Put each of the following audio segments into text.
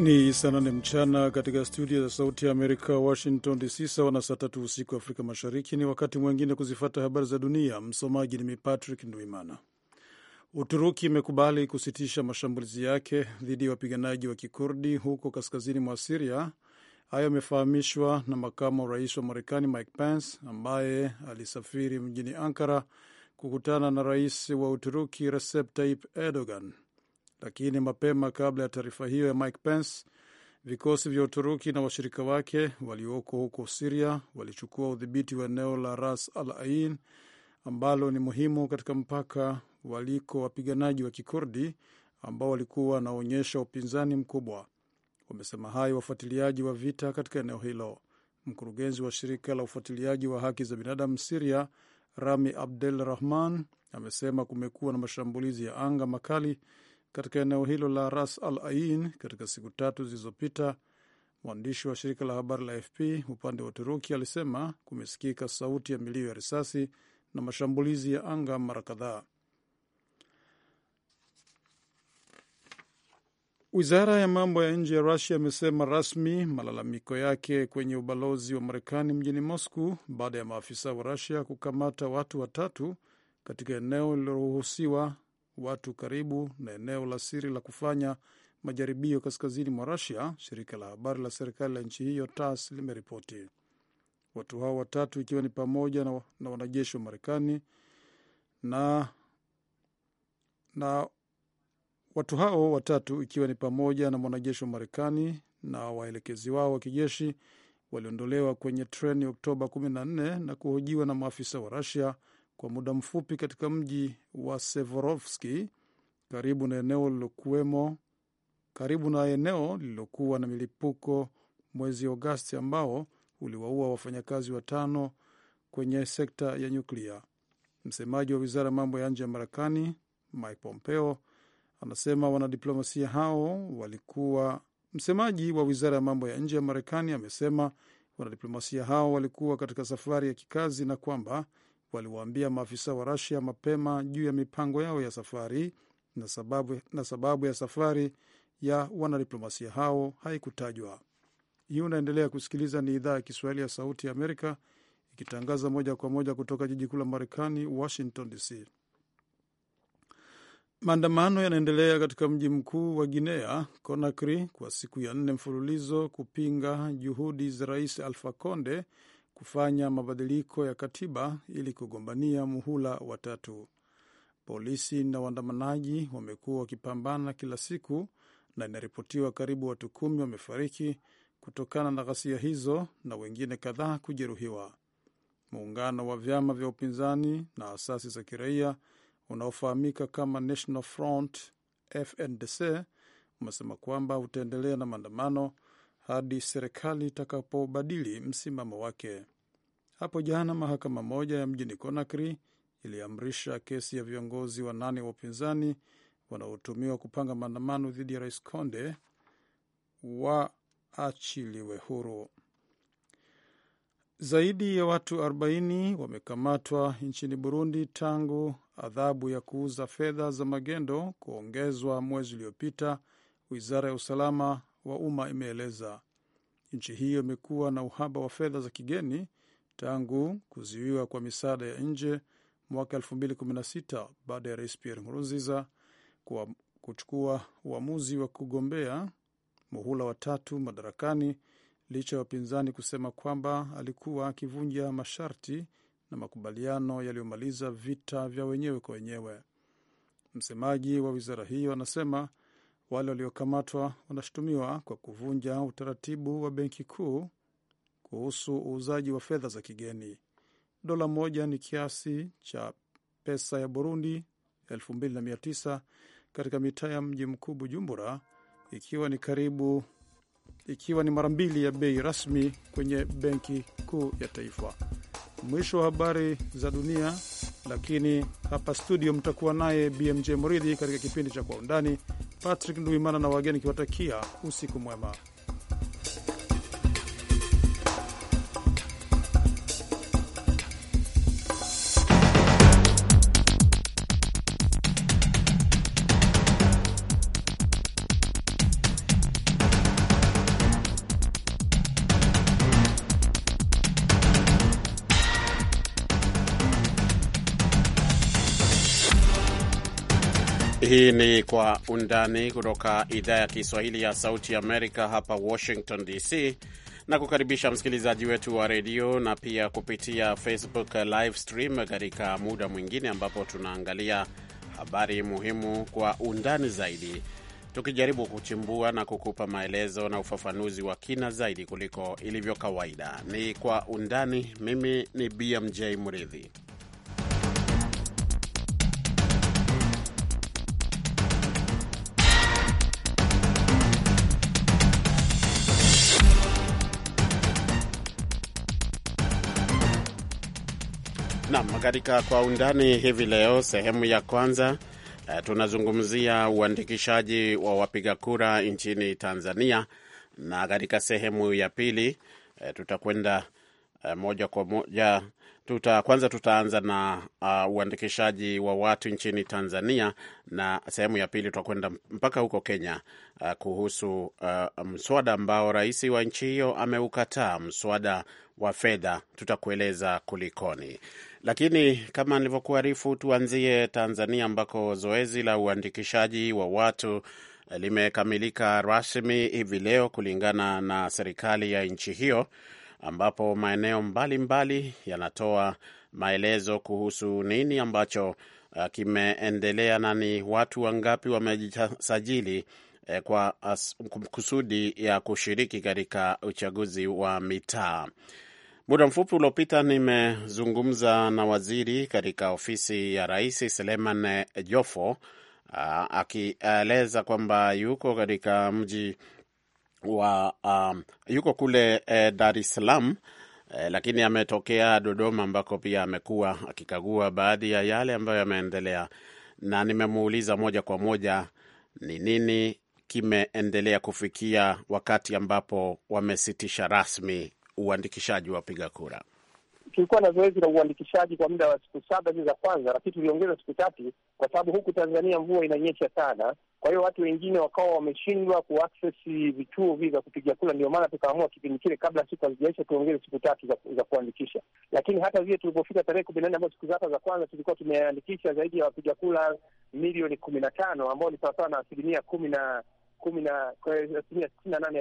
Ni saa nane mchana katika studio za Sauti ya Amerika, Washington DC, sawa na saa tatu usiku Afrika Mashariki. Ni wakati mwingine kuzifata habari za dunia. Msomaji ni mi Patrick Ndwimana. Uturuki imekubali kusitisha mashambulizi yake dhidi ya wapiganaji wa kikurdi huko kaskazini mwa Siria. Hayo amefahamishwa na makamu wa rais wa Marekani Mike Pence ambaye alisafiri mjini Ankara kukutana na rais wa Uturuki Recep Tayyip Erdogan lakini mapema kabla ya taarifa hiyo ya Mike Pence, vikosi vya Uturuki na washirika wake walioko huko Siria walichukua udhibiti wa eneo la Ras al Ain ambalo ni muhimu katika mpaka waliko wapiganaji wa Kikurdi ambao walikuwa wanaonyesha upinzani mkubwa. Wamesema hayo wafuatiliaji wa vita katika eneo hilo. Mkurugenzi wa shirika la ufuatiliaji wa haki za binadamu Siria, Rami Abdel Rahman, amesema kumekuwa na mashambulizi ya anga makali katika eneo hilo la Ras Al Ain katika siku tatu zilizopita. Mwandishi wa shirika la habari la fp upande wa Uturuki alisema kumesikika sauti ya milio ya risasi na mashambulizi ya anga mara kadhaa. Wizara ya mambo ya nje ya Rusia imesema rasmi malalamiko yake kwenye ubalozi wa Marekani mjini Moscow baada ya maafisa wa Rusia kukamata watu watatu katika eneo lililoruhusiwa watu karibu na eneo la siri la kufanya majaribio kaskazini mwa Rusia, shirika la habari la serikali la nchi hiyo TAS limeripoti. Watu hao watatu ikiwa ni pamoja na, na wanajeshi wa Marekani na, na watu hao watatu ikiwa ni pamoja na mwanajeshi wa Marekani na waelekezi wao wa kijeshi waliondolewa kwenye treni Oktoba 14 na kuhojiwa na maafisa wa Rusia kwa muda mfupi katika mji wa Sevorovski karibu na eneo lilokuwemo karibu na eneo lililokuwa na milipuko mwezi Agosti ambao uliwaua wafanyakazi watano kwenye sekta ya nyuklia. Msemaji wa wizara ya mambo ya nje ya Marekani Mike Pompeo anasema wanadiplomasia hao walikuwa. Msemaji wa wizara ya mambo ya nje ya Marekani amesema wanadiplomasia hao walikuwa katika safari ya kikazi na kwamba waliwaambia maafisa wa Rasia mapema juu ya mipango yao ya safari na sababu, na sababu ya safari ya wanadiplomasia hao haikutajwa. Hii unaendelea kusikiliza, ni idhaa ya Kiswahili ya Sauti ya Amerika ikitangaza moja kwa moja kutoka jiji kuu la Marekani, Washington DC. Maandamano yanaendelea katika mji mkuu wa Guinea, Conakry, kwa siku ya nne mfululizo kupinga juhudi za Rais Alfa Conde kufanya mabadiliko ya katiba ili kugombania muhula watatu. Polisi na waandamanaji wamekuwa wakipambana kila siku na inaripotiwa karibu watu kumi wamefariki kutokana na ghasia hizo na wengine kadhaa kujeruhiwa. Muungano wa vyama vya upinzani na asasi za kiraia unaofahamika kama National Front FNDC umesema kwamba utaendelea na maandamano hadi serikali itakapobadili msimamo wake. Hapo jana mahakama moja ya mjini Conakry iliamrisha kesi ya viongozi wanane wa upinzani wanaotumiwa kupanga maandamano dhidi ya rais Conde waachiliwe huru. Zaidi ya watu 40 wamekamatwa nchini Burundi tangu adhabu ya kuuza fedha za magendo kuongezwa mwezi uliopita, wizara ya usalama wa umma imeeleza. Nchi hiyo imekuwa na uhaba wa fedha za kigeni tangu kuzuiwa kwa misaada ya nje mwaka 2016 baada ya rais Pierre Nkurunziza kwa kuchukua uamuzi wa kugombea muhula wa tatu madarakani licha ya wapinzani kusema kwamba alikuwa akivunja masharti na makubaliano yaliyomaliza vita vya wenyewe kwa wenyewe. Msemaji wa wizara hiyo anasema wale waliokamatwa wanashutumiwa kwa kuvunja utaratibu wa benki kuu kuhusu uuzaji wa fedha za kigeni. Dola moja ni kiasi cha pesa ya Burundi 29 katika mitaa ya mji mkuu Bujumbura, ikiwa ni karibu ikiwa ni mara mbili ya bei rasmi kwenye benki kuu ya taifa. Mwisho wa habari za dunia, lakini hapa studio mtakuwa naye BMJ Muridhi katika kipindi cha Kwa Undani. Patrick Nduimana na wageni kiwatakia usiku mwema. Hii ni Kwa Undani kutoka idhaa ya Kiswahili ya Sauti Amerika, hapa Washington DC, na kukaribisha msikilizaji wetu wa redio na pia kupitia Facebook live stream katika muda mwingine ambapo tunaangalia habari muhimu kwa undani zaidi, tukijaribu kuchimbua na kukupa maelezo na ufafanuzi wa kina zaidi kuliko ilivyo kawaida. Ni Kwa Undani. Mimi ni BMJ Mridhi. katika kwa undani hivi leo, sehemu ya kwanza eh, tunazungumzia uandikishaji wa wapiga kura nchini Tanzania, na katika sehemu ya pili eh, tutakwenda eh, moja kwa moja tuta, kwanza tutaanza na uh, uandikishaji wa watu nchini Tanzania na sehemu ya pili tutakwenda mpaka huko Kenya uh, kuhusu uh, mswada ambao rais wa nchi hiyo ameukataa, mswada wa fedha. Tutakueleza kulikoni, lakini kama nilivyokuarifu, tuanzie Tanzania ambako zoezi la uandikishaji wa watu uh, limekamilika rasmi hivi leo kulingana na serikali ya nchi hiyo ambapo maeneo mbalimbali yanatoa maelezo kuhusu nini ambacho uh, kimeendelea na ni watu wangapi wamejisajili eh, kwa kusudi ya kushiriki katika uchaguzi wa mitaa. Muda mfupi uliopita nimezungumza na waziri katika ofisi ya rais Seleman Jofo uh, akieleza kwamba yuko katika mji wa um, yuko kule eh, Dar es Salaam eh, lakini ametokea Dodoma ambako pia amekuwa akikagua baadhi ya yale ambayo yameendelea, na nimemuuliza moja kwa moja ni nini kimeendelea kufikia wakati ambapo wamesitisha rasmi uandikishaji wa wapiga kura. Tulikuwa na zoezi la uandikishaji kwa muda wa siku saba hizi za kwanza, lakini tuliongeza siku tatu kwa sababu huku Tanzania mvua inanyesha sana kwa hiyo watu wengine wakawa wameshindwa kuaccess vituo hivi vya kupiga kura, ndio maana tukaamua kipindi kile, kabla siku hazijaisha, tuongeze siku tatu za, za kuandikisha. Lakini hata vile tulipofika tarehe kumi na nne ambayo siku zaka za kwanza tulikuwa tumeandikisha zaidi ya wapiga kura milioni kumi na tano ambao ni sawasawa na asilimia kumi na kumi na asilimia sitini na nane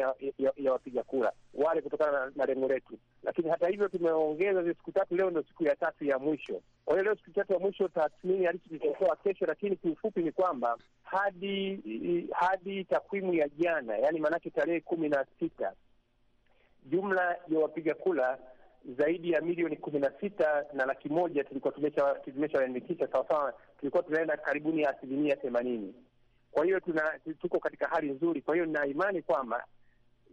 ya wapiga kura wale, kutokana na lengo letu. Lakini hata hivyo tumeongeza hizo siku tatu. Leo ndo siku ya tatu ya mwisho. Kwa hiyo leo siku tatu ya mwisho, tathmini halisi tutatoa kesho, lakini kiufupi ni kwamba hadi hadi takwimu ya jana, yaani maanake tarehe kumi na sita jumla ya wapiga kura zaidi ya milioni kumi na sita na laki moja tulikuwa tumeshawaandikisha, sawasawa, tulikuwa tunaenda karibuni ya asilimia themanini. Kwa hiyo tuna tuko katika hali nzuri, kwa hiyo nina imani kwamba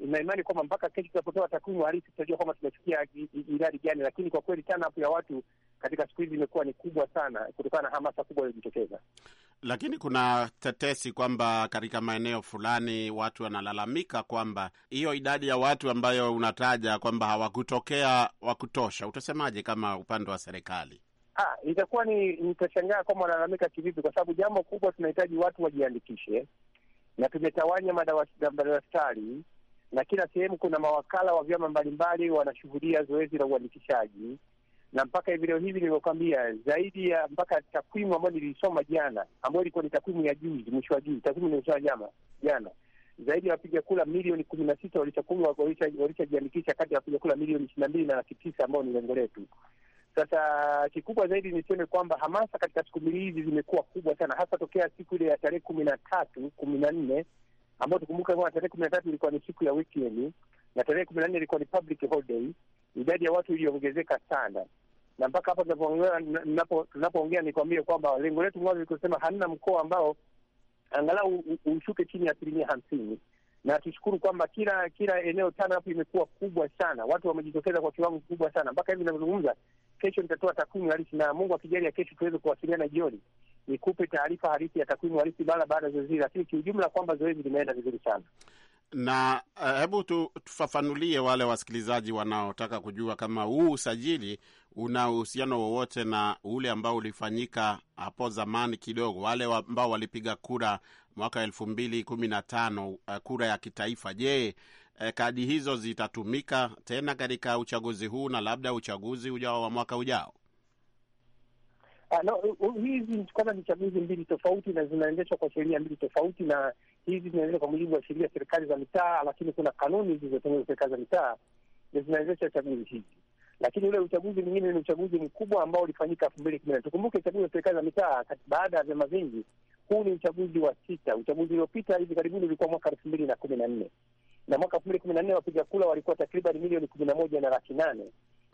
na imani kwamba mpaka kesho tutapotoa takwimu halisi tutajua kwamba tumefikia idadi gani, lakini kwa kweli tana ya watu katika siku hizi imekuwa ni kubwa sana kutokana na hamasa kubwa iliyojitokeza. Lakini kuna tetesi kwamba katika maeneo fulani watu wanalalamika kwamba hiyo idadi ya watu ambayo unataja kwamba hawakutokea wa kutosha. Utasemaje kama upande wa serikali? Ah, itakuwa ni nitashangaa kama wanalalamika kivipi, kwa sababu jambo kubwa tunahitaji watu wajiandikishe, na tumetawanya madawastari na kila sehemu kuna mawakala wa vyama mbalimbali wanashuhudia zoezi la uandikishaji, na mpaka hivi leo hivi nilivyokwambia, zaidi ya mpaka takwimu ambayo nilisoma jana, ambayo ilikuwa ni takwimu ya juzi, mwisho wa juzi, takwimu nilisoma jana jana, zaidi ya wapiga kula milioni kumi na sita walishajiandikisha kati ya wapiga kula milioni ishirini na mbili na laki tisa ambao ni lengo letu. Sasa kikubwa zaidi niseme kwamba hamasa katika siku mbili hizi zimekuwa kubwa sana, hasa tokea siku ile ya tarehe kumi na tatu kumi na nne ambayo tukumbuka kwamba tarehe kumi na tatu ilikuwa ni siku ya weekend na tarehe kumi na nne ilikuwa ni public holiday. Idadi ya watu iliyoongezeka sana, na mpaka hapa tunapoongea nikuambie kwamba lengo letu mwanzo ikusema hamna mkoa ambao angalau ushuke chini ya asilimia hamsini na tushukuru kwamba kila kila eneo turnup imekuwa kubwa sana, watu wamejitokeza kwa kiwango kikubwa sana. Mpaka hivi ninavyozungumza, kesho nitatoa takwimu halisi, na Mungu akijalia, kesho tuweze kuwasiliana jioni, nikupe taarifa halisi ya takwimu halisi mara baada ya zoezi hili, lakini kiujumla kwamba zoezi limeenda vizuri sana na uh, hebu tu, tufafanulie wale wasikilizaji wanaotaka kujua kama huu usajili una uhusiano wowote na ule ambao ulifanyika hapo zamani kidogo, wale ambao walipiga kura mwaka elfu mbili kumi na tano eh, kura ya kitaifa. Je, eh, kadi hizo zitatumika tena katika uchaguzi huu na labda uchaguzi ujao wa mwaka ujao? Ah, no, hizi kwanza ni chaguzi mbili tofauti na zinaendeshwa kwa sheria mbili tofauti, na hizi zinaendeshwa kwa mujibu wa sheria serikali za mitaa, lakini kuna kanuni zilizotengenezwa serikali za mitaa zinaendesha chaguzi hizi. Lakini ule uchaguzi mwingine ni uchaguzi mkubwa ambao ulifanyika elfu mbili kumi na Tukumbuke chaguzi za serikali za mitaa baada ya vyama vingi huu ni uchaguzi wa sita. Uchaguzi uliopita hivi karibuni ulikuwa mwaka elfu mbili na kumi na nne na mwaka elfu mbili kumi na nne wapiga kura walikuwa takriban milioni kumi na moja na laki nane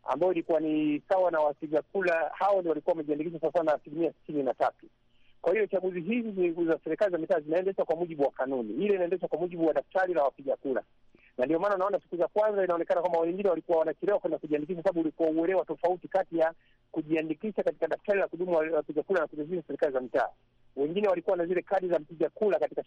ambayo ilikuwa ni sawa na wapiga kura hao ndio walikuwa wamejiandikisha sasa na asilimia sitini na tatu. Kwa hiyo chaguzi hizi za serikali za mitaa zinaendeshwa kwa mujibu wa kanuni ile, inaendeshwa kwa mujibu wa daftari la wapiga kura, na ndio maana unaona siku za kwanza inaonekana kwamba wengine walikuwa wanachelewa kwenda kujiandikisha, sababu ulikuwa uelewa tofauti kati ya kujiandikisha katika daftari la kudumu wapiga kura na kujiandikisha serikali za mitaa wengine walikuwa na zile kadi za mpiga kura katika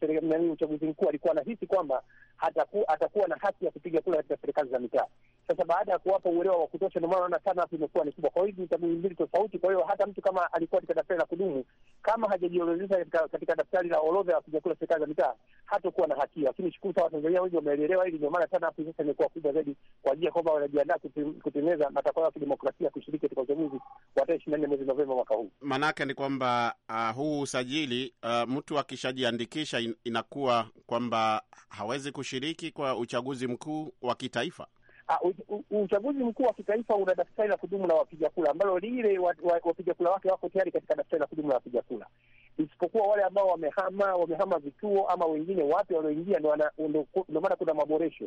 uchaguzi mkuu, alikuwa anahisi kwamba hataku, atakuwa na haki ya kupiga kura katika serikali za mitaa. Sasa baada ya kuwapa uelewa wa kutosha, ndio maana naona turnout imekuwa ni kubwa. Kwa hiyo ni chaguzi mbili tofauti. Kwa hiyo hata mtu kama alikuwa katika daftari la kudumu, kama hajajiorodhesha katika, katika daftari la orodha ya kupiga kura serikali za mitaa, hatakuwa na haki. Lakini shukuru sana Watanzania wengi wameelewa hili, ndio maana sana turnout sasa imekuwa kubwa zaidi kwa ajili ya kwamba wanajiandaa kutengeneza matakwa ya kidemokrasia kushiriki katika uchaguzi wa tarehe 24 mwezi Novemba mwaka huu. Maana yake ni kwamba uh, huu usaji kusajili uh, mtu akishajiandikisha in, inakuwa kwamba hawezi kushiriki kwa uchaguzi mkuu wa kitaifa. Ah, uchaguzi mkuu wa kitaifa una daftari la kudumu la wapiga kura ambalo lile wapiga kura wake wako tayari katika daftari la kudumu la wapiga kura, isipokuwa wale ambao wamehama wamehama vituo ama wengine wapya walioingia, ndio maana kuna maboresho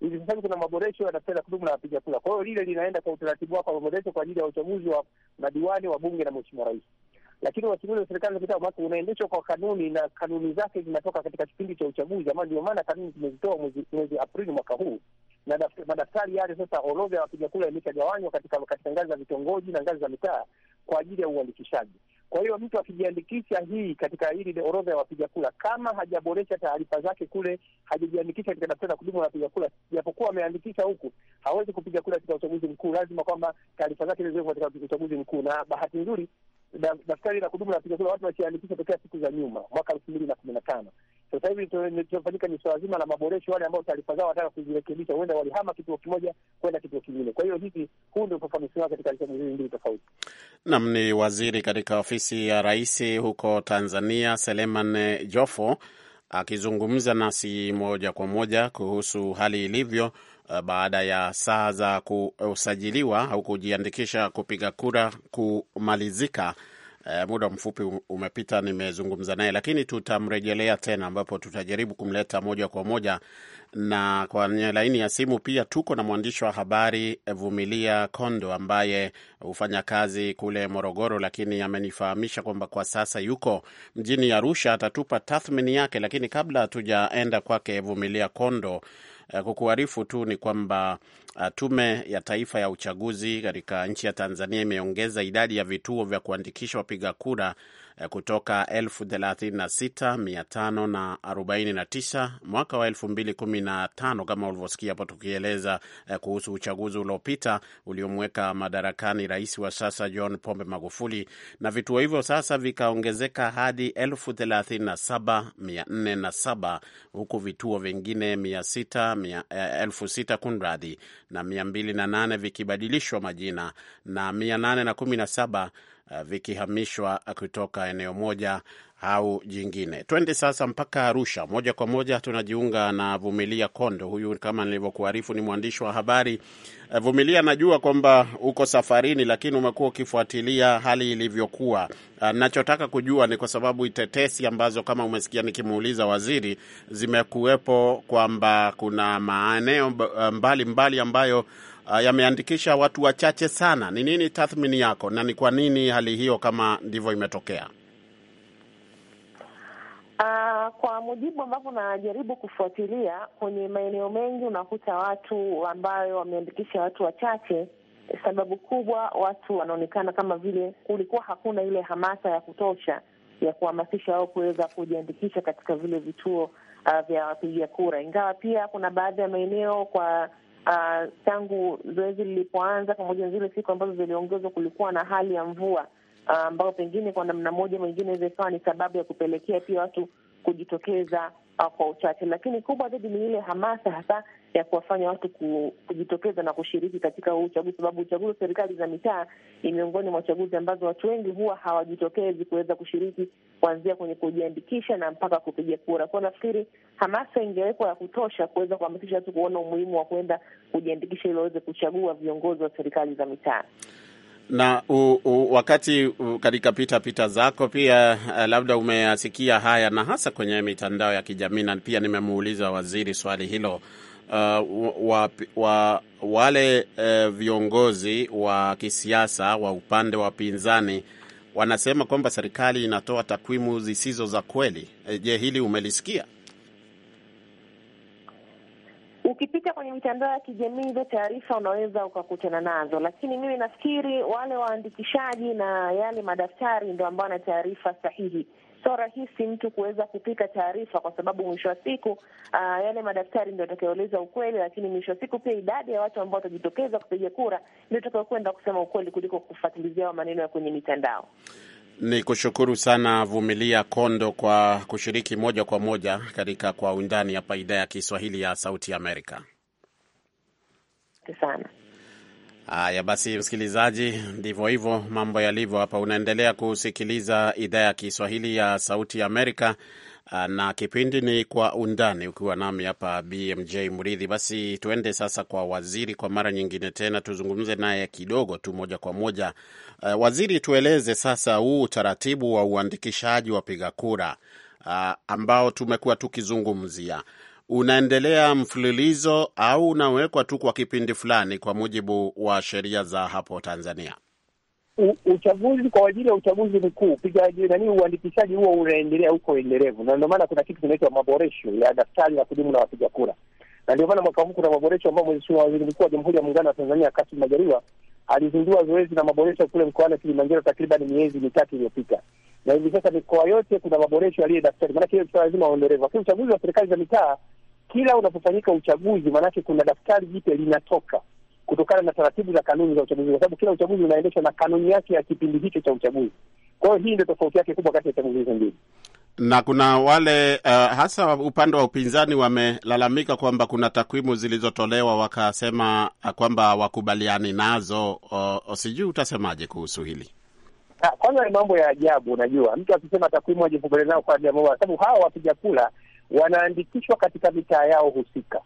hivi sasa kuna maboresho ya daftari la kudumu la wapiga kura. Kwa hiyo lile linaenda kwa utaratibu wako wa maboresho kwa ajili ya uchaguzi wa madiwani, wa bunge na mheshimiwa rais lakini wasimamizi wa serikali za mitaa make unaendeshwa kwa kanuni na kanuni zake zinatoka katika kipindi cha uchaguzi, ambayo ndio maana kanuni zimezitoa mwezi mwezi Aprili mwaka huu, na madaftari yale sasa, orodha ya wapiga kura imeshagawanywa katika katika ngazi za vitongoji na ngazi za mitaa kwa ajili ya uandikishaji. Kwa hiyo mtu akijiandikisha hii katika hili orodha ya wapiga kura, kama hajaboresha taarifa zake kule, hajajiandikisha katika daftari la kudumu la wapiga kura, japokuwa ameandikisha huku, hawezi kupiga kura katika uchaguzi mkuu. Lazima kwamba taarifa zake ziwekwe katika uchaguzi mkuu, na bahati nzuri daftari la kudumu la wapiga kura watu wasiandikisha tokea siku za nyuma, mwaka elfu mbili na kumi na tano. Sasa hivi tunafanyika ni swala zima la maboresho, wale ambao taarifa zao wanataka kuzirekebisha, huenda walihama kituo kimoja kwenda kituo kingine. Kwa hiyo hivi, huu ndio ufafanuzi wake katika hizi mbili tofauti. Nam ni waziri katika ofisi ya rais huko Tanzania, Seleman Jofo akizungumza nasi moja kwa moja kuhusu hali ilivyo eh, baada ya saa za kusajiliwa au kujiandikisha kupiga kura kumalizika Uh, muda mfupi umepita, nimezungumza naye, lakini tutamrejelea tena, ambapo tutajaribu kumleta moja kwa moja na kwenye laini ya simu. Pia tuko na mwandishi wa habari Vumilia Kondo ambaye hufanya kazi kule Morogoro, lakini amenifahamisha kwamba kwa sasa yuko mjini Arusha. Atatupa tathmini yake, lakini kabla hatujaenda kwake Vumilia Kondo Eh, kukuarifu tu ni kwamba eh, Tume ya Taifa ya Uchaguzi katika nchi ya Tanzania imeongeza idadi ya vituo vya kuandikisha wapiga kura Eh, kutoka 36549 mwaka wa 2015 kama ulivyosikia hapo tukieleza eh, kuhusu uchaguzi uliopita uliomweka madarakani rais wa sasa John Pombe Magufuli, na vituo hivyo sasa vikaongezeka hadi 37407 huku vituo vingine 6 eh, kunradhi na 208 vikibadilishwa majina na 817 Eh, vikihamishwa kutoka eneo moja au jingine. Twende sasa mpaka Arusha moja kwa moja, tunajiunga na Vumilia Kondo. Huyu kama nilivyokuarifu ni mwandishi wa habari. Eh, Vumilia, najua kwamba uko safarini, lakini umekuwa ukifuatilia hali ilivyokuwa. Eh, nachotaka kujua ni kwa sababu tetesi ambazo kama umesikia nikimuuliza waziri zimekuwepo kwamba kuna maeneo mbalimbali ambayo Ah, yameandikisha watu wachache sana. Ni nini tathmini yako, na ni kwa nini hali hiyo kama ndivyo imetokea? Uh, kwa mujibu ambavyo najaribu kufuatilia kwenye maeneo mengi, unakuta watu ambayo wameandikisha watu wachache, sababu kubwa watu wanaonekana kama vile kulikuwa hakuna ile hamasa ya kutosha ya kuhamasisha wao kuweza kujiandikisha katika vile vituo uh, vya wapiga kura, ingawa pia kuna baadhi ya maeneo kwa uh, tangu zoezi lilipoanza pamoja na zile siku ambazo ziliongezwa, kulikuwa na hali ya mvua ah, ambayo uh, pengine kwa namna moja mwingine inaweza ikawa ni sababu ya kupelekea pia watu kujitokeza uh, kwa uchache, lakini kubwa zaidi ni ile hamasa hasa ya kuwafanya watu kujitokeza na kushiriki katika huu uchaguzi, sababu uchaguzi wa serikali za mitaa ni miongoni mwa uchaguzi ambazo watu wengi huwa hawajitokezi kuweza kushiriki kuanzia kwenye kujiandikisha na mpaka kupiga kura. Kwao nafikiri hamasa ingewekwa ya kutosha kuweza kuhamasisha watu kuona umuhimu wa kwenda kujiandikisha ili waweze kuchagua viongozi wa serikali za mitaa na u, u, wakati katika pita pita zako pia eh, labda umeyasikia haya na hasa kwenye mitandao ya kijamii, na pia nimemuuliza waziri swali hilo. Uh, wa, wa, wale uh, viongozi wa kisiasa wa upande wa pinzani wanasema kwamba serikali inatoa takwimu zisizo za kweli. E, je, hili umelisikia? Ukipita kwenye mitandao ya kijamii hizo taarifa unaweza ukakutana nazo, lakini mimi nafikiri wale waandikishaji na yale madaftari ndo ambao na taarifa sahihi so rahisi mtu kuweza kupika taarifa, kwa sababu mwisho wa siku uh, yale madaktari ndio atakayoeleza ukweli, lakini mwisho wa siku pia idadi ya watu ambao watajitokeza kupiga kura ndio atakayokwenda kusema ukweli kuliko kufuatilizia maneno ya kwenye mitandao. Ni kushukuru sana Vumilia Kondo kwa kushiriki moja kwa moja katika Kwa Undani hapa idhaa ya Kiswahili ya Sauti Amerika. Asante sana. Haya basi, msikilizaji, ndivyo hivyo mambo yalivyo hapa. Unaendelea kusikiliza idhaa ya Kiswahili ya Sauti ya Amerika ah, na kipindi ni Kwa Undani, ukiwa nami hapa BMJ Mridhi. Basi tuende sasa kwa waziri kwa mara nyingine tena, tuzungumze naye kidogo tu moja kwa moja. Uh, waziri, tueleze sasa huu utaratibu wa uandikishaji wa piga kura uh, ambao tumekuwa tukizungumzia unaendelea mfululizo au unawekwa tu kwa kipindi fulani kwa mujibu wa sheria za hapo Tanzania? U, uchaguzi kwa ajili ya uchaguzi mkuu upigaji nani, uandikishaji huo unaendelea huko endelevu, na ndio maana kuna kitu kinaitwa maboresho ya daftari la kudumu la wapiga kura, na ndio maana mwaka huu kuna maboresho ambayo Mheshimiwa Waziri Mkuu wa Jamhuri ya Muungano wa Tanzania Kassim Majaliwa alizindua zoezi la maboresho kule mkoani Kilimanjaro takriban miezi mitatu iliyopita na hivi sasa mikoa yote kuna maboresho yaliyo daftari, maanake hiyo lazima waondolewe. Lakini uchaguzi wa serikali za mitaa, kila unapofanyika uchaguzi, maanake kuna daftari jipya linatoka kutokana na taratibu za kanuni za uchaguzi, kwa sababu kila uchaguzi unaendeshwa na kanuni yake ya kipindi hicho cha uchaguzi. Kwa hiyo hii ndio tofauti yake kubwa kati ya chaguzi hizo mbili na kuna wale uh, hasa upande wa upinzani wamelalamika kwamba kuna takwimu zilizotolewa wakasema kwamba hawakubaliani nazo. Sijui utasemaje kuhusu hili? Ah, kwanza ni mambo ya ajabu. Unajua, mtu akisema takwimu hajapo mbele nao kwa sababu hawa wapiga kura wanaandikishwa katika mitaa yao husika.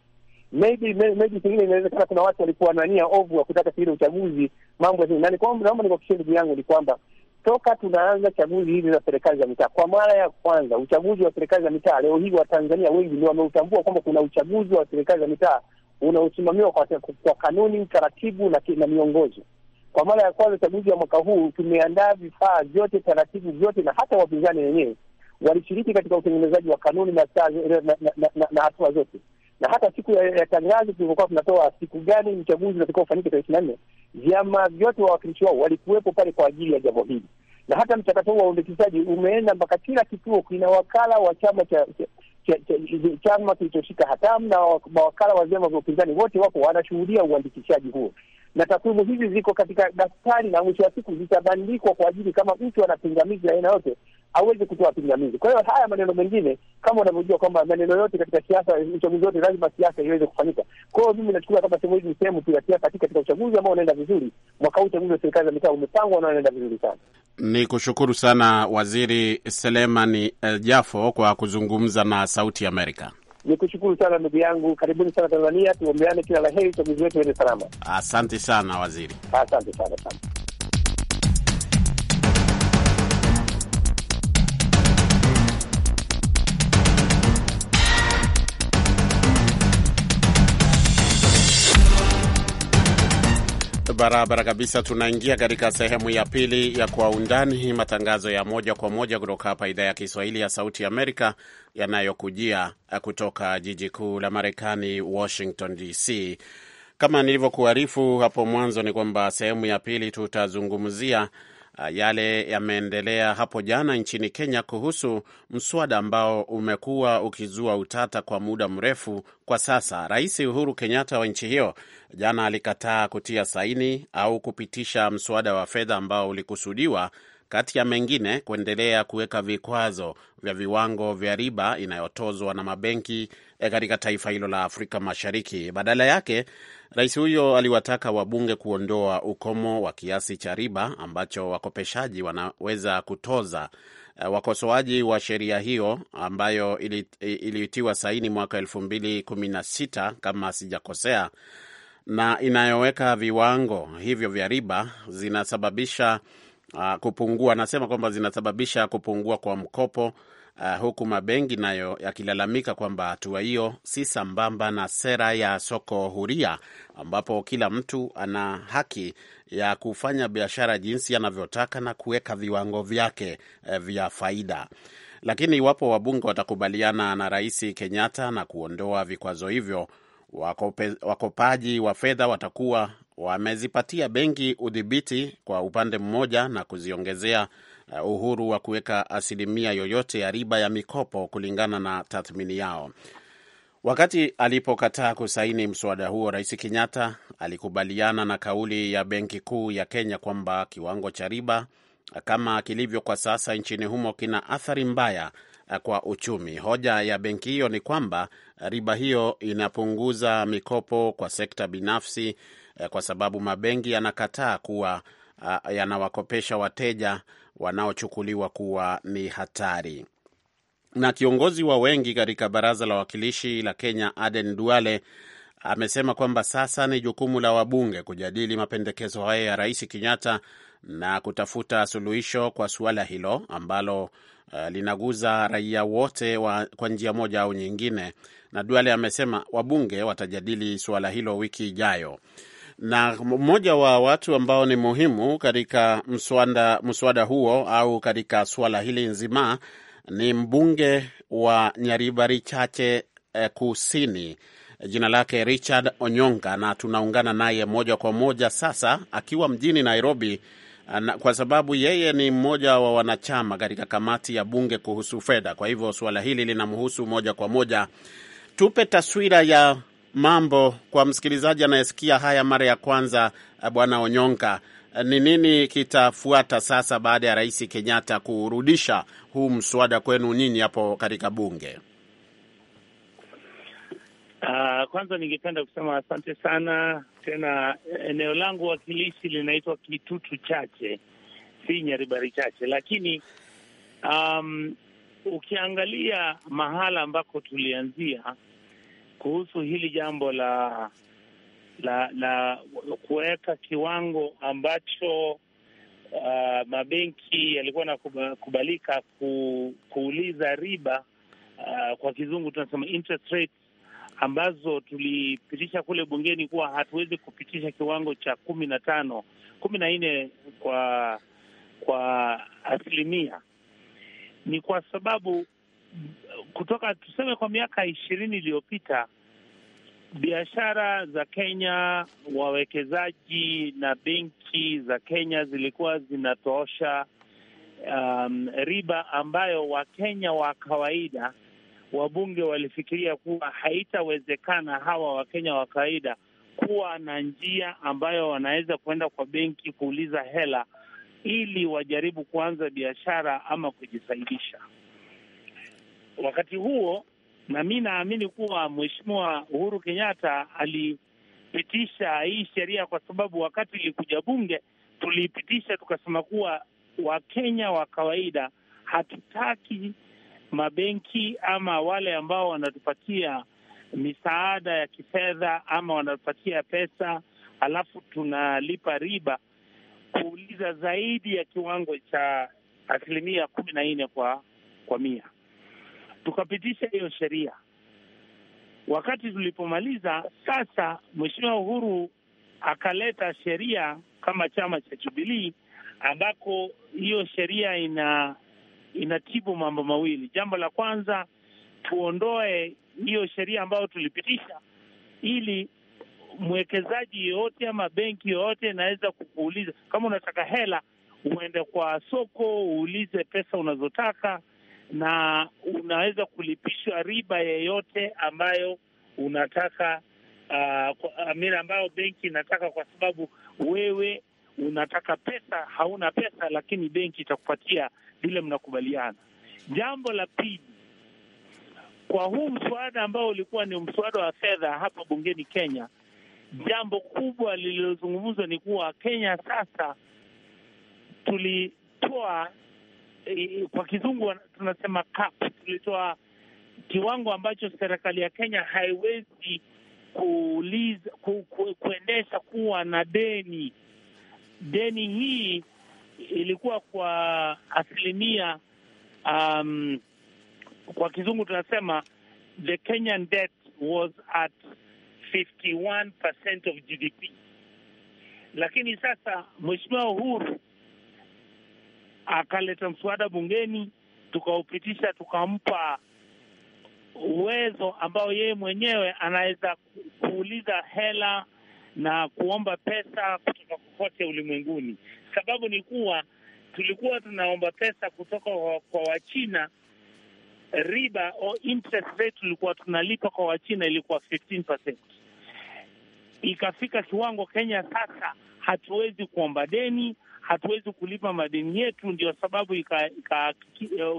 Maybe maybe pengine inawezekana kuna watu walikuwa wanania ovu wa kutaka pengine uchaguzi mambo na, naomba nikuhakikishie ndugu yangu ni kwamba toka tunaanza chaguzi hizi za serikali za mitaa kwa mara ya kwanza, uchaguzi wa serikali za mitaa leo hii Watanzania wengi ndio wameutambua kwamba kuna uchaguzi wa serikali za mitaa unaosimamiwa kwa, kwa kanuni, taratibu na, na miongozo kwa mara ya kwanza uchaguzi wa mwaka huu tumeandaa vifaa vyote, taratibu vyote, na hata wapinzani wenyewe walishiriki katika utengenezaji wa kanuni na na hatua zote, na hata siku ya, ya tangazo tulivyokuwa tunatoa siku gani uchaguzi unatakiwa ufanyike tarehe ishirini na nne vyama vyote wawakilishi wao walikuwepo pale kwa ajili ya jambo hili, na hata mchakato huu wa uandikishaji umeenda mpaka kila kituo kina wakala wa chama cha chama kilichoshika hatamu na mawakala wa vyama vya upinzani wote wako wanashuhudia uandikishaji huo na takwimu hizi ziko katika daftari, na mwisho wa siku zitabandikwa kwa ajili, kama mtu ana pingamizi la aina yote aweze kutoa pingamizi. Kwa hiyo haya maneno mengine, kama unavyojua kwamba maneno yote katika siasa, uchaguzi wote lazima siasa iweze kufanyika. Kwa hiyo mimi nachukulia kama sehemu hizi ni sehemu tu ya siasa hati katika uchaguzi ambao unaenda vizuri mwaka huu. Uchaguzi wa serikali za mitaa umepangwa na unaenda vizuri sana. Ni kushukuru sana Waziri Selemani eh, Jafo kwa kuzungumza na Sauti Amerika. Ni kushukuru sana ndugu yangu, karibuni sana Tanzania, tuombeane kila la heri, uchaguzi wetu uende salama. Asante sana waziri, asante sana sana. barabara kabisa. Tunaingia katika sehemu ya pili ya Kwa Undani, hii matangazo ya moja kwa moja kutoka hapa idhaa ya Kiswahili ya Sauti Amerika, yanayokujia kutoka jiji kuu la Marekani, Washington DC. Kama nilivyokuarifu hapo mwanzo, ni kwamba sehemu ya pili tutazungumzia Ah, yale yameendelea hapo jana nchini Kenya kuhusu mswada ambao umekuwa ukizua utata kwa muda mrefu. Kwa sasa, Rais Uhuru Kenyatta wa nchi hiyo jana alikataa kutia saini au kupitisha mswada wa fedha ambao ulikusudiwa kati ya mengine kuendelea kuweka vikwazo vya viwango vya riba inayotozwa na mabenki eh, katika taifa hilo la Afrika Mashariki. Badala yake Rais huyo aliwataka wabunge kuondoa ukomo wa kiasi cha riba ambacho wakopeshaji wanaweza kutoza. Eh, wakosoaji wa sheria hiyo ambayo iliitiwa saini mwaka elfu mbili kumi na sita kama sijakosea, na inayoweka viwango hivyo vya riba zinasababisha uh, kupungua. Anasema kwamba zinasababisha kupungua kwa mkopo uh, huku mabengi nayo yakilalamika kwamba hatua hiyo si sambamba na sera ya soko huria ambapo kila mtu ana haki ya kufanya biashara jinsi anavyotaka na kuweka viwango vyake eh, vya faida. Lakini iwapo wabunge watakubaliana na Rais Kenyatta na kuondoa vikwazo hivyo, wakope, wakopaji wa fedha watakuwa wamezipatia benki udhibiti kwa upande mmoja na kuziongezea uhuru wa kuweka asilimia yoyote ya riba ya mikopo kulingana na tathmini yao. Wakati alipokataa kusaini mswada huo, Rais Kenyatta alikubaliana na kauli ya Benki Kuu ya Kenya kwamba kiwango cha riba kama kilivyo kwa sasa nchini humo kina athari mbaya kwa uchumi. Hoja ya benki hiyo ni kwamba riba hiyo inapunguza mikopo kwa sekta binafsi, eh, kwa sababu mabenki yanakataa kuwa eh, yanawakopesha wateja wanaochukuliwa kuwa ni hatari. Na kiongozi wa wengi katika baraza la wawakilishi la Kenya Aden Duale amesema kwamba sasa ni jukumu la wabunge kujadili mapendekezo haya ya Rais Kenyatta na kutafuta suluhisho kwa suala hilo ambalo uh, linaguza raia wote kwa njia moja au nyingine. Na Duale amesema wabunge watajadili suala hilo wiki ijayo na mmoja wa watu ambao ni muhimu katika mswada, mswada huo au katika suala hili nzima ni mbunge wa Nyaribari Chache eh, Kusini jina lake Richard Onyonga, na tunaungana naye moja kwa moja sasa akiwa mjini Nairobi eh, kwa sababu yeye ni mmoja wa wanachama katika kamati ya bunge kuhusu fedha. Kwa hivyo suala hili linamhusu moja kwa moja. Tupe taswira ya mambo kwa msikilizaji anayesikia haya mara ya kwanza, eh, Bwana Onyonka, eh, ni nini kitafuata sasa baada ya Rais Kenyatta kurudisha huu mswada kwenu nyinyi hapo katika bunge? Uh, kwanza ningependa kusema asante sana tena. Eh, eneo langu wakilishi linaitwa Kitutu Chache, si Nyaribari Chache, lakini um, ukiangalia mahala ambako tulianzia kuhusu hili jambo la la la kuweka kiwango ambacho uh, mabenki yalikuwa yanakubalika ku, kuuliza riba uh, kwa kizungu tunasema interest ambazo tulipitisha kule bungeni kuwa hatuwezi kupitisha kiwango cha kumi na tano kumi na nne kwa kwa asilimia, ni kwa sababu kutoka tuseme kwa miaka ishirini iliyopita biashara za Kenya, wawekezaji na benki za Kenya zilikuwa zinatoosha um, riba ambayo Wakenya wa kawaida wabunge walifikiria kuwa haitawezekana hawa Wakenya wa kawaida kuwa na njia ambayo wanaweza kuenda kwa benki kuuliza hela ili wajaribu kuanza biashara ama kujisaidisha wakati huo, na mi naamini kuwa Mheshimiwa Uhuru Kenyatta alipitisha hii sheria kwa sababu wakati ilikuja bunge tuliipitisha tukasema kuwa Wakenya wa kawaida hatutaki mabenki ama wale ambao wanatupatia misaada ya kifedha ama wanatupatia pesa alafu tunalipa riba kuuliza zaidi ya kiwango cha asilimia kumi na nne kwa kwa mia tukapitisha hiyo sheria. Wakati tulipomaliza, sasa Mheshimiwa Uhuru akaleta sheria kama chama cha Jubilii, ambako hiyo sheria ina inatibu mambo mawili. Jambo la kwanza, tuondoe hiyo sheria ambayo tulipitisha ili mwekezaji yoyote ama benki yoyote inaweza kukuuliza kama unataka hela, uende kwa soko uulize pesa unazotaka na unaweza kulipishwa riba yeyote ambayo unataka uh, ambayo benki inataka, kwa sababu wewe unataka pesa, hauna pesa, lakini benki itakupatia vile mnakubaliana. Jambo la pili, kwa huu mswada ambao ulikuwa ni mswada wa fedha hapa bungeni Kenya, jambo kubwa lililozungumzwa ni kuwa Kenya sasa tulitoa Eh, eh, kwa kizungu tunasema cap. Tulitoa kiwango ambacho serikali ya Kenya haiwezi kuuliza ku, ku, kuendesha kuwa na deni. Deni hii ilikuwa kwa asilimia um, kwa kizungu tunasema the Kenyan debt was at 51% of GDP, lakini sasa Mheshimiwa Uhuru akaleta mswada bungeni, tukaupitisha, tukampa uwezo ambao yeye mwenyewe anaweza kuuliza hela na kuomba pesa kutoka kokote ulimwenguni. Sababu ni kuwa tulikuwa tunaomba pesa kutoka kwa Wachina, riba au interest rate tulikuwa tunalipa kwa Wachina ilikuwa 15%. Ikafika kiwango Kenya sasa hatuwezi kuomba deni, hatuwezi kulipa madeni yetu, ndio sababu eh,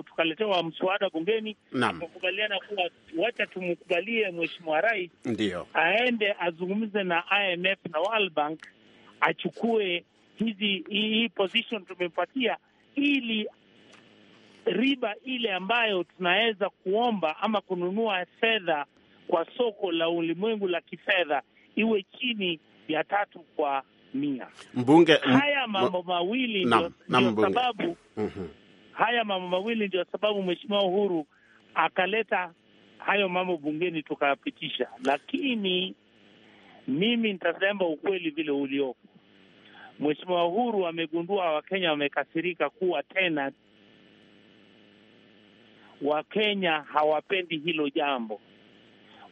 tukaletewa mswada bungeni, tukakubaliana kuwa wacha tumkubalie mheshimiwa rais ndio aende azungumze na IMF na World Bank achukue hizi hii position tumempatia, ili riba ile ambayo tunaweza kuomba ama kununua fedha kwa soko la ulimwengu la kifedha iwe chini ya tatu kwa mia mbunge. Haya mambo mawili ndio sababu mm -hmm. Haya mambo mawili ndio sababu Mheshimiwa Uhuru akaleta hayo mambo bungeni tukayapitisha, lakini mimi nitasema ukweli vile uliopo. Mheshimiwa Uhuru amegundua Wakenya wamekasirika kuwa tena Wakenya hawapendi hilo jambo.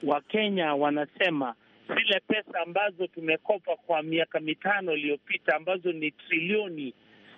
Wakenya wanasema zile pesa ambazo tumekopa kwa miaka mitano iliyopita ambazo ni trilioni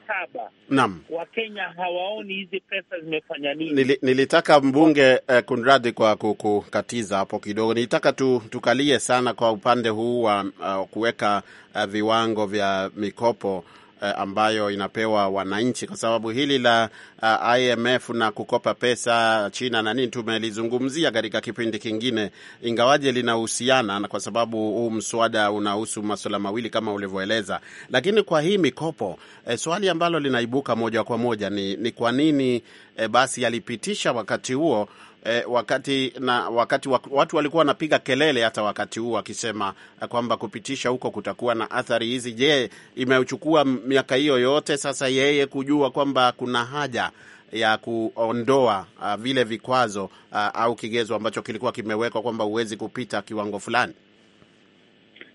saba. Naam, Wakenya hawaoni hizi pesa zimefanya nini? Nili, nilitaka mbunge eh, kunradi kwa kukatiza hapo kidogo. Nilitaka tu, tukalie sana kwa upande huu wa uh, kuweka uh, viwango vya mikopo Eh, ambayo inapewa wananchi, kwa sababu hili la uh, eh, IMF na kukopa pesa China na nini tumelizungumzia katika kipindi kingine, ingawaje linahusiana na, kwa sababu huu mswada unahusu masuala mawili kama ulivyoeleza, lakini kwa hii mikopo eh, swali ambalo linaibuka moja kwa moja ni, ni kwa nini eh, basi yalipitisha wakati huo eh, wakati na wakati watu walikuwa wanapiga kelele hata wakati huu wakisema kwamba kupitisha huko kutakuwa na athari hizi. Je, imechukua miaka hiyo yote sasa yeye kujua kwamba kuna haja ya kuondoa uh, vile vikwazo uh, au kigezo ambacho kilikuwa kimewekwa kwamba huwezi kupita kiwango fulani?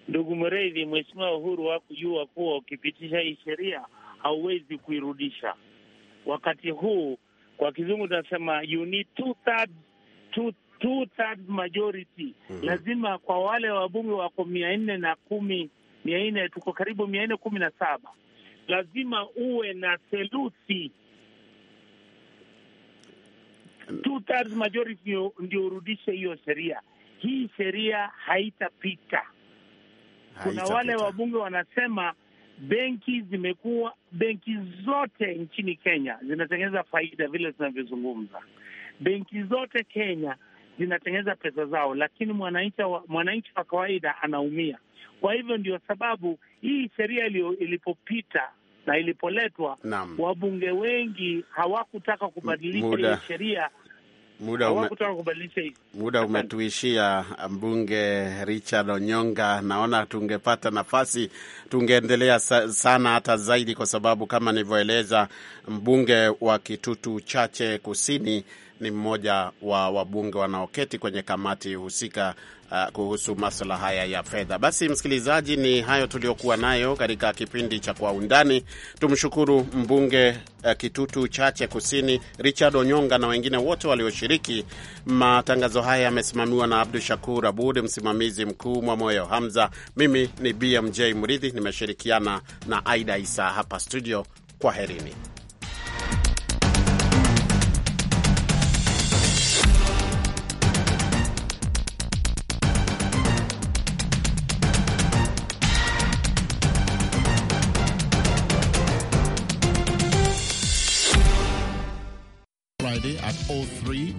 Ndugu mreidhi Mheshimiwa Uhuru hakujua kuwa ukipitisha hii sheria hauwezi kuirudisha. Wakati huu kwa kizungu tunasema you need two third, two, two third majority mm -hmm. Lazima kwa wale wabunge wako mia nne na kumi mia nne tuko karibu mia nne kumi na saba lazima uwe na theluthi two thirds majority ndio urudishe hiyo sheria. Hii sheria haitapita. Kuna haita wale wabunge wanasema benki zimekuwa, benki zote nchini Kenya zinatengeneza faida vile zinavyozungumza. Benki zote Kenya zinatengeneza pesa zao, lakini mwananchi wa, mwananchi wa kawaida anaumia. Kwa hivyo ndio sababu hii sheria ilipopita na ilipoletwa, wabunge wengi hawakutaka kubadilisha hii sheria Muda, ume... muda umetuishia, mbunge Richard Onyonga. Naona tungepata nafasi tungeendelea sana hata zaidi, kwa sababu kama nilivyoeleza, mbunge wa Kitutu Chache Kusini ni mmoja wa wabunge wanaoketi kwenye kamati husika uh, kuhusu maswala haya ya fedha. Basi msikilizaji, ni hayo tuliyokuwa nayo katika kipindi cha Kwa Undani. Tumshukuru mbunge uh, Kitutu Chache Kusini, Richard Onyonga na wengine wote walioshiriki. Matangazo haya yamesimamiwa na Abdu Shakur Abud, msimamizi mkuu Mwamoyo Hamza. Mimi ni BMJ Mridhi, nimeshirikiana na Aida Isa hapa studio. Kwaherini. Sunday at 03